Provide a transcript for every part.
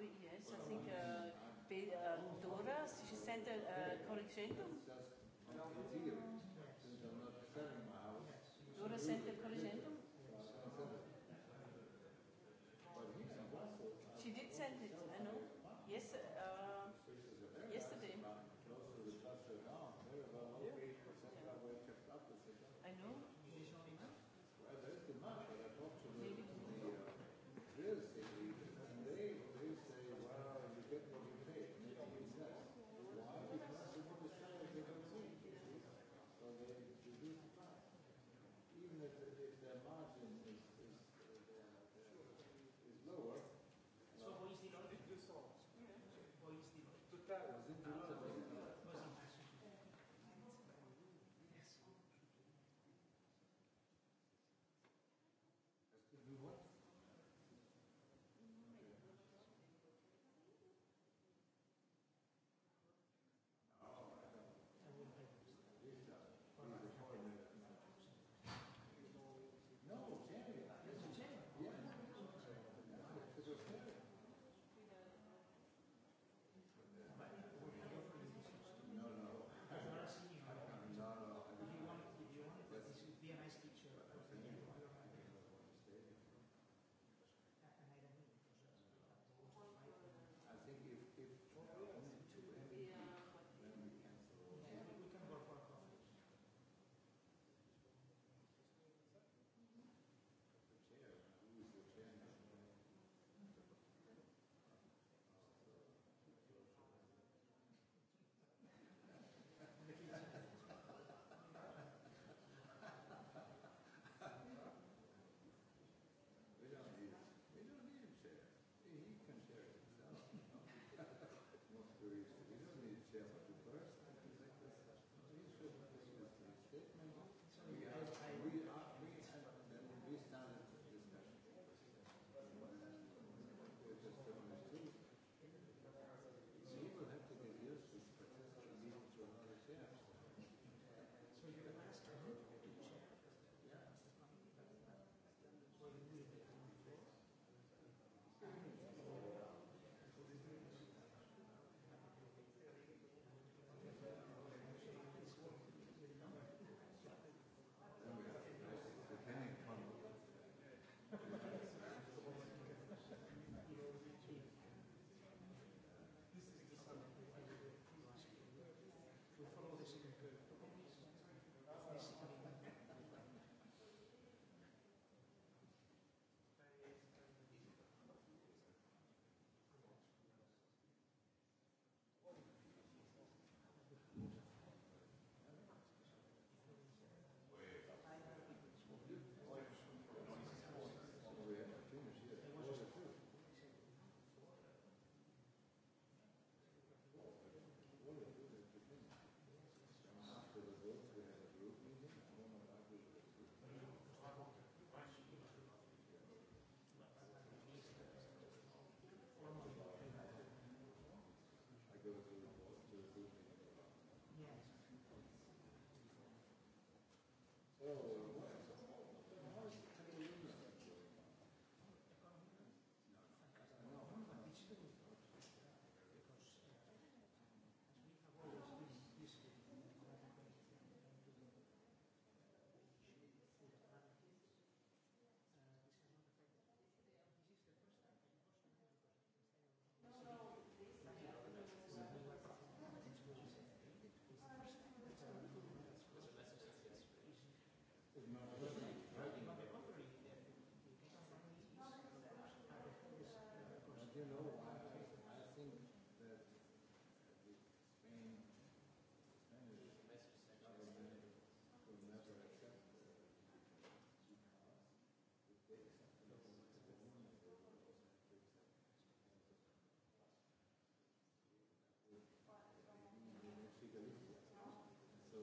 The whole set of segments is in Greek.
Yes, I think uh, Dora, she sent a uh correction מאזין ורואה.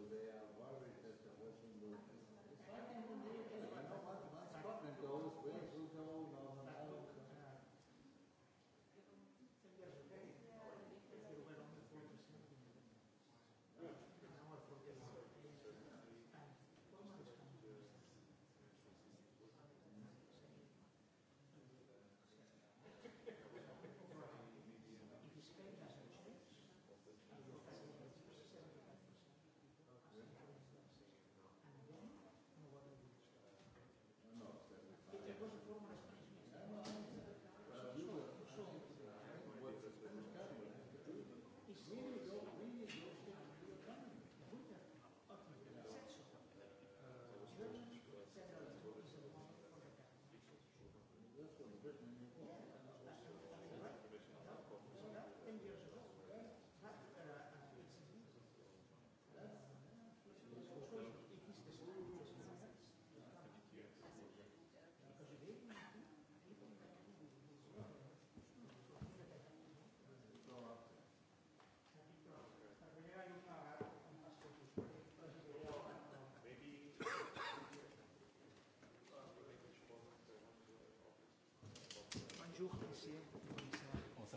Judea Υπότιτλοι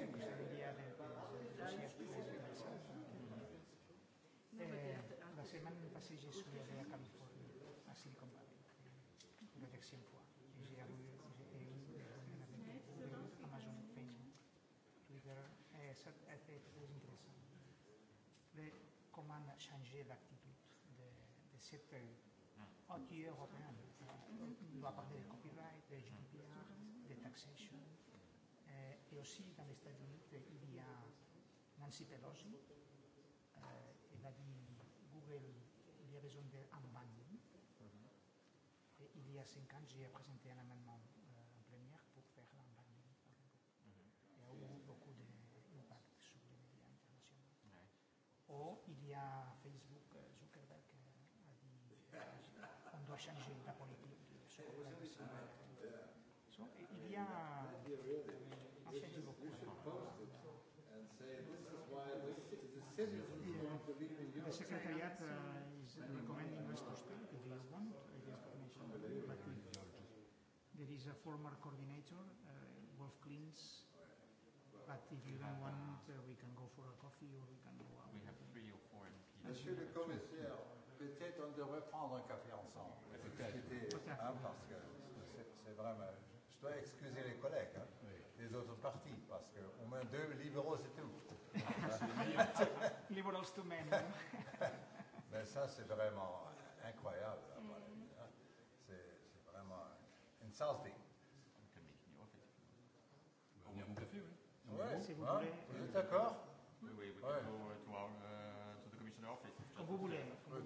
la semaine passée, je allé à Californie, à Silicon Valley, fois. Twitter, intéressant. comment changer l'attitude de, de cette européen. de copyright, de GDPR, de taxation και aussi dans les États Unis, il y a Nancy Pelosi, elle a dit Google, il y a besoin d'un banning. Et il y a cinq ans, j'ai présenté un amendement euh, en première pour faire un banning. Il y a eu beaucoup d'impact sur les médias internationaux. Ou il y a Facebook, Zuckerberg a dit on doit changer la politique sur la il y a The Secretariat is recommending us to stay if you want against Commission. But there is a former coordinator, Wolf Klintz, but if you don't want, we can go for a coffee or we can go out. We have three or four MPs. Monsieur le commissaire, peut-être on devrait prendre un café ensemble. Peut-être. Hein, parce que c'est vraiment... Je dois excuser les collègues. Hein. Oui des autres parties, parce qu'au moins deux libéraux, c'est tout. Libéraux too many. Mais ça, c'est vraiment incroyable. C'est vraiment insulting. Tout à fait, oui. Oui, si vous Vous êtes d'accord Oui, oui, oui. To the commissioner office. Comme vous voulez.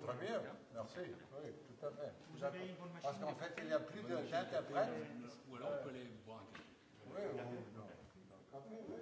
Très bien, merci. Oui, tout à fait. Vous avez une bonne machine. Parce qu'en fait, il n'y a plus d'interprètes. Ou alors, on peut les boire Βεβαίω. Καθένα. Ε.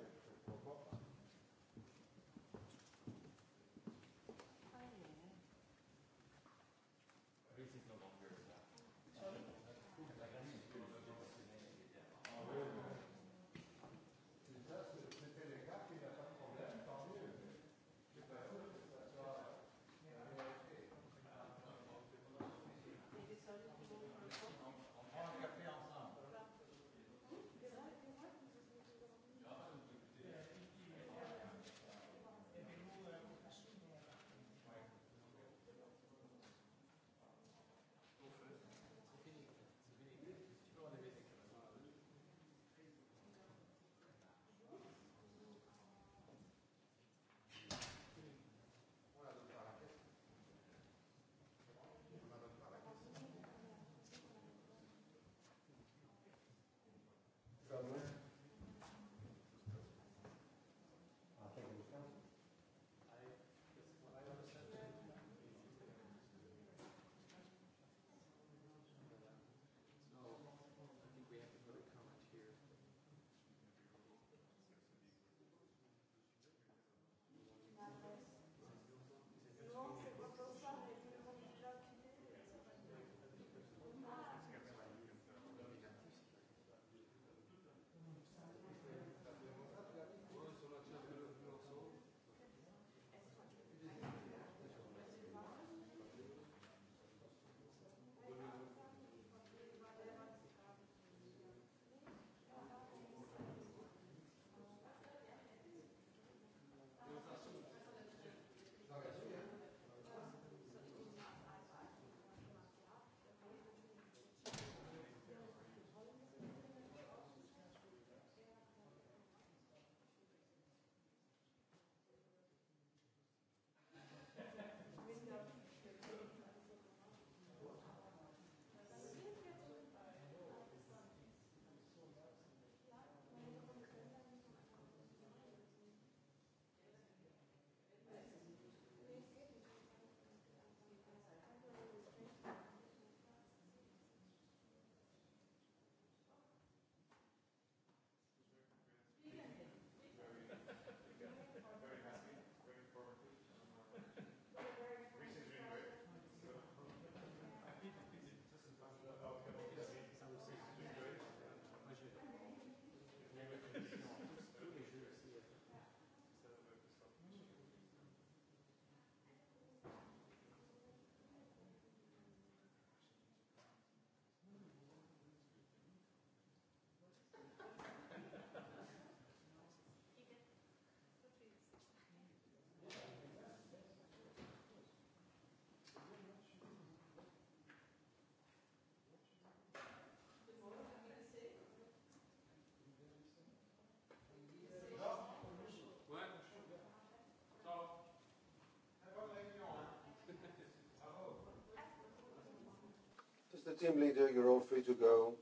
team leader, you're all free to go.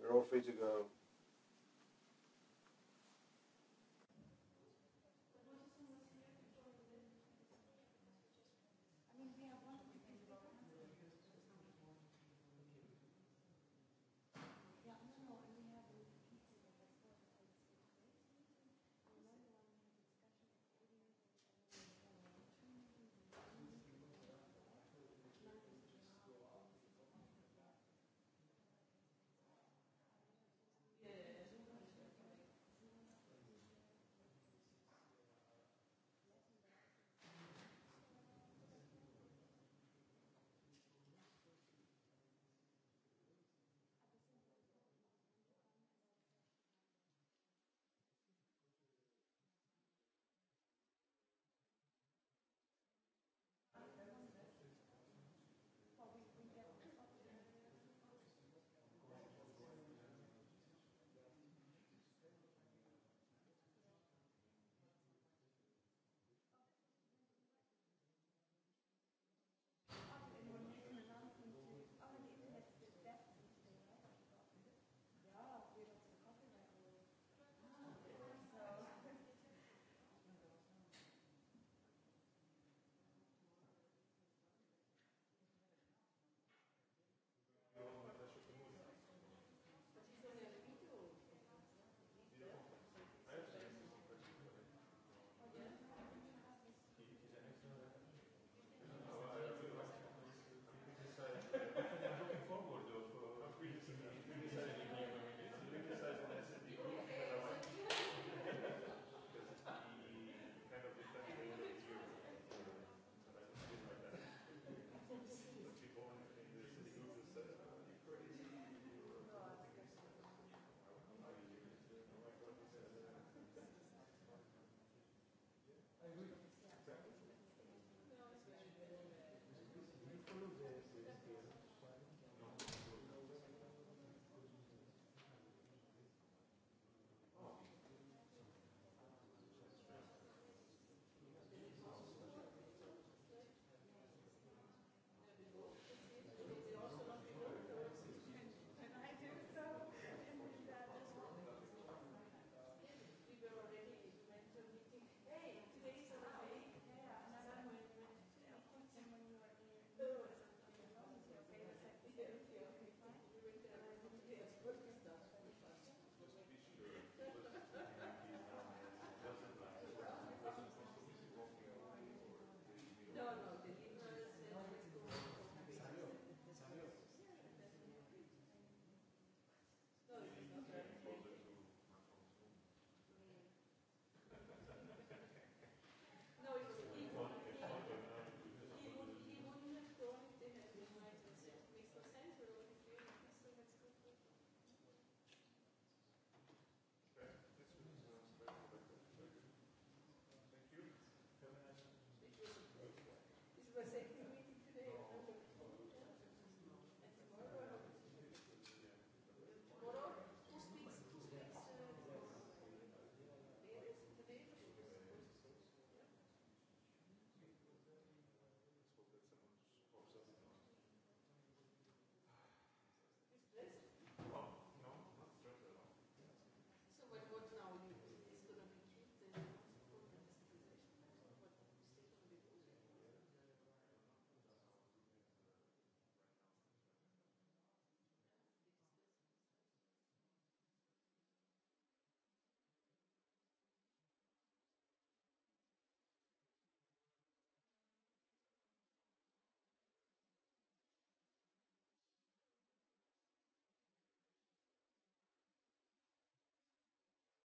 You're all free to go.